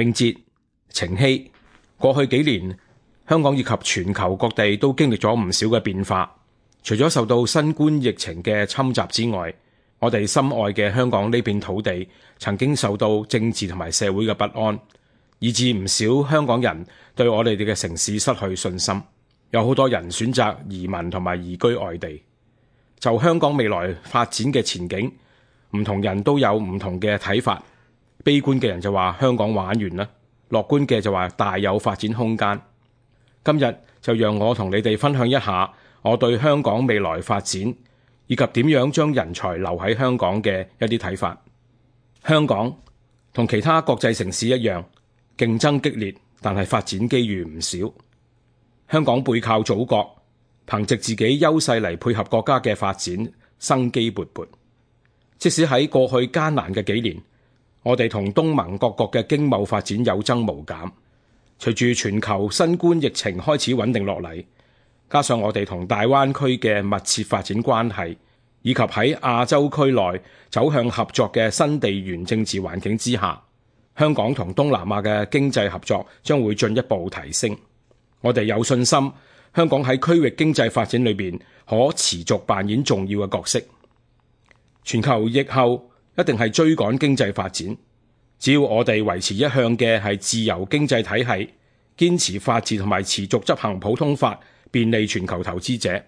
永捷、程曦，過去幾年，香港以及全球各地都經歷咗唔少嘅變化。除咗受到新冠疫情嘅侵襲之外，我哋深愛嘅香港呢片土地，曾經受到政治同埋社會嘅不安，以至唔少香港人對我哋哋嘅城市失去信心，有好多人選擇移民同埋移居外地。就香港未來發展嘅前景，唔同人都有唔同嘅睇法。悲觀嘅人就話香港玩完啦，樂觀嘅就話大有發展空間。今日就讓我同你哋分享一下我對香港未來發展以及點樣將人才留喺香港嘅一啲睇法。香港同其他國際城市一樣，競爭激烈，但係發展機遇唔少。香港背靠祖國，憑藉自己優勢嚟配合國家嘅發展，生機勃勃。即使喺過去艱難嘅幾年。我哋同東盟各國嘅經貿發展有增無減，隨住全球新冠疫情開始穩定落嚟，加上我哋同大灣區嘅密切發展關係，以及喺亞洲區內走向合作嘅新地緣政治環境之下，香港同東南亞嘅經濟合作將會進一步提升。我哋有信心，香港喺區域經濟發展裏邊可持續扮演重要嘅角色。全球疫後。一定係追趕經濟發展，只要我哋維持一向嘅係自由經濟體系，堅持法治同埋持續執行普通法，便利全球投資者，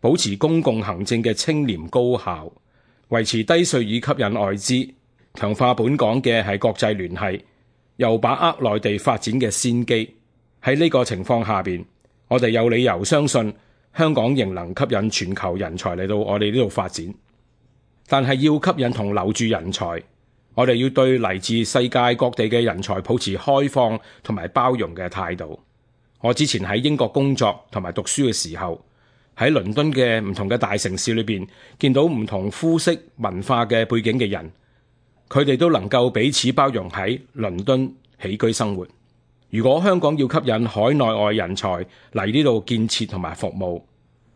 保持公共行政嘅清廉高效，維持低稅以吸引外資，強化本港嘅係國際聯繫，又把握內地發展嘅先機。喺呢個情況下邊，我哋有理由相信香港仍能吸引全球人才嚟到我哋呢度發展。但係要吸引同留住人才，我哋要對嚟自世界各地嘅人才抱持開放同埋包容嘅態度。我之前喺英國工作同埋讀書嘅時候，喺倫敦嘅唔同嘅大城市裏邊，見到唔同膚色、文化嘅背景嘅人，佢哋都能夠彼此包容喺倫敦起居生活。如果香港要吸引海內外人才嚟呢度建設同埋服務，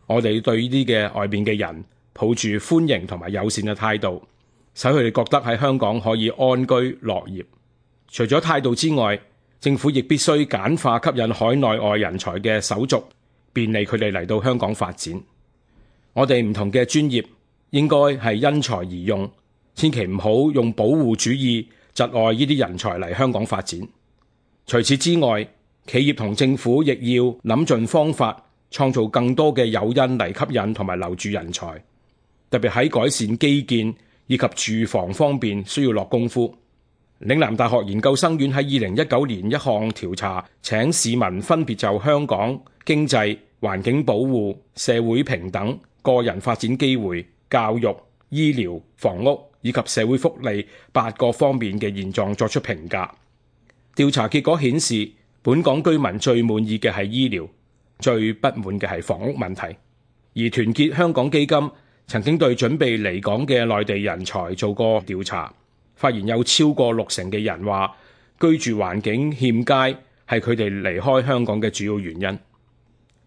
我哋要對呢啲嘅外邊嘅人。抱住歡迎同埋友善嘅態度，使佢哋覺得喺香港可以安居樂業。除咗態度之外，政府亦必須簡化吸引海內外人才嘅手續，便利佢哋嚟到香港發展。我哋唔同嘅專業應該係因才而用，千祈唔好用保護主義窒礙呢啲人才嚟香港發展。除此之外，企業同政府亦要諗盡方法創造更多嘅誘因嚟吸引同埋留住人才。特別喺改善基建以及住房方面需要落功夫。嶺南大學研究生院喺二零一九年一項調查，請市民分別就香港經濟、環境保護、社會平等、個人發展機會、教育、醫療、房屋以及社會福利八個方面嘅現狀作出評價。調查結果顯示，本港居民最滿意嘅係醫療，最不滿嘅係房屋問題。而團結香港基金曾經對準備離港嘅內地人才做過調查，發現有超過六成嘅人話居住環境欠佳係佢哋離開香港嘅主要原因。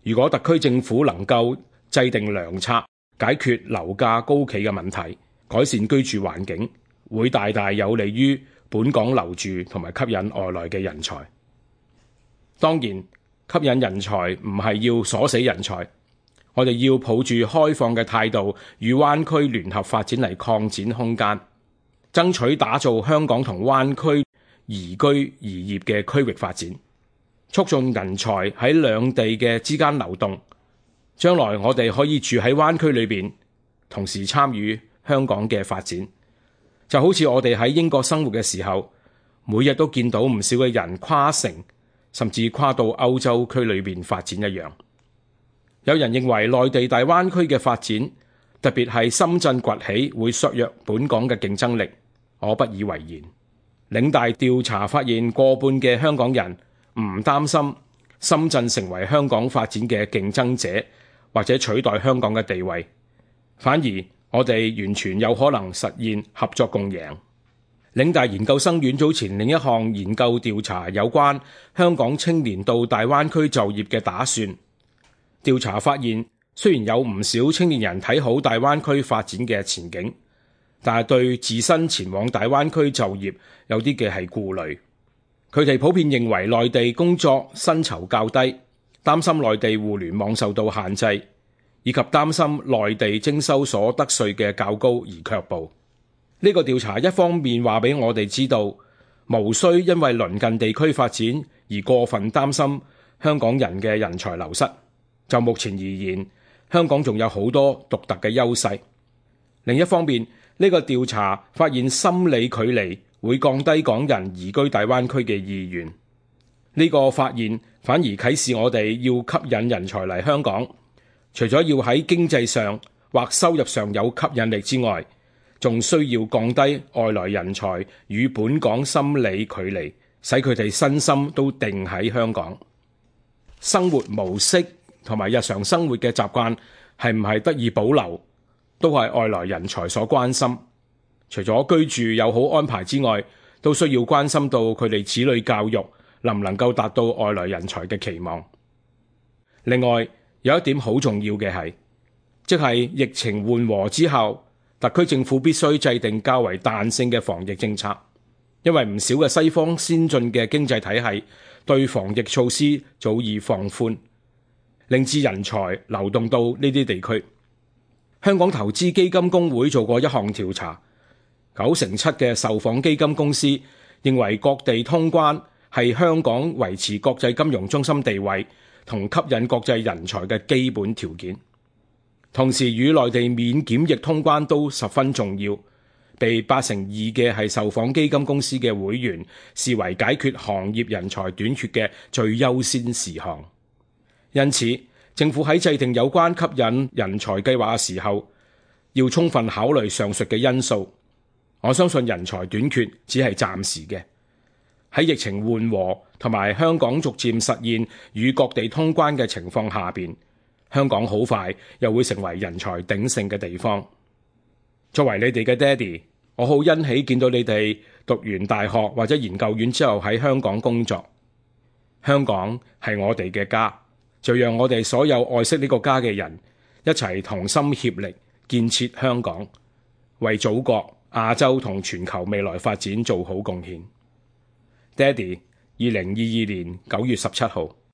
如果特區政府能夠制定良策，解決樓價高企嘅問題，改善居住環境，會大大有利於本港留住同埋吸引外來嘅人才。當然，吸引人才唔係要鎖死人才。我哋要抱住開放嘅態度，與灣區聯合發展嚟擴展空間，爭取打造香港同灣區宜居宜業嘅區域發展，促進人才喺兩地嘅之間流動。將來我哋可以住喺灣區裏邊，同時參與香港嘅發展，就好似我哋喺英國生活嘅時候，每日都見到唔少嘅人跨城，甚至跨到歐洲區裏邊發展一樣。有人認為內地大灣區嘅發展，特別係深圳崛起，會削弱本港嘅競爭力。我不以為然。嶺大調查發現，過半嘅香港人唔擔心深圳成為香港發展嘅競爭者，或者取代香港嘅地位。反而我哋完全有可能實現合作共贏。嶺大研究生院早前另一項研究調查有關香港青年到大灣區就業嘅打算。調查發現，雖然有唔少青年人睇好大灣區發展嘅前景，但係對自身前往大灣區就業有啲嘅係顧慮。佢哋普遍認為內地工作薪酬較低，擔心內地互聯網受到限制，以及擔心內地徵收所得稅嘅較高而卻步。呢個調查一方面話俾我哋知道，無需因為鄰近地區發展而過分擔心香港人嘅人才流失。就目前而言，香港仲有好多獨特嘅優勢。另一方面，呢個調查發現心理距離會降低港人移居大灣區嘅意願。呢個發現反而啟示我哋要吸引人才嚟香港，除咗要喺經濟上或收入上有吸引力之外，仲需要降低外來人才與本港心理距離，使佢哋身心都定喺香港生活模式。同埋日常生活嘅習慣係唔係得以保留，都係外來人才所關心。除咗居住有好安排之外，都需要關心到佢哋子女教育能唔能夠達到外來人才嘅期望。另外，有一點好重要嘅係，即係疫情緩和之後，特區政府必須制定較為彈性嘅防疫政策，因為唔少嘅西方先進嘅經濟體系對防疫措施早已放寬。令至人才流動到呢啲地區，香港投資基金公會做過一項調查，九成七嘅受訪基金公司認為各地通關，係香港維持國際金融中心地位同吸引國際人才嘅基本條件。同時與內地免檢疫通關都十分重要，被八成二嘅係受訪基金公司嘅會員視為解決行業人才短缺嘅最優先事項。因此，政府喺制定有關吸引人才計劃嘅時候，要充分考慮上述嘅因素。我相信人才短缺只係暫時嘅。喺疫情緩和同埋香港逐漸實現與各地通關嘅情況下邊，香港好快又會成為人才鼎盛嘅地方。作為你哋嘅爹哋，我好欣喜見到你哋讀完大學或者研究院之後喺香港工作。香港係我哋嘅家。就讓我哋所有愛惜呢個家嘅人，一齊同心協力建設香港，為祖國、亞洲同全球未來發展做好貢獻。爹哋，二零二二年九月十七號。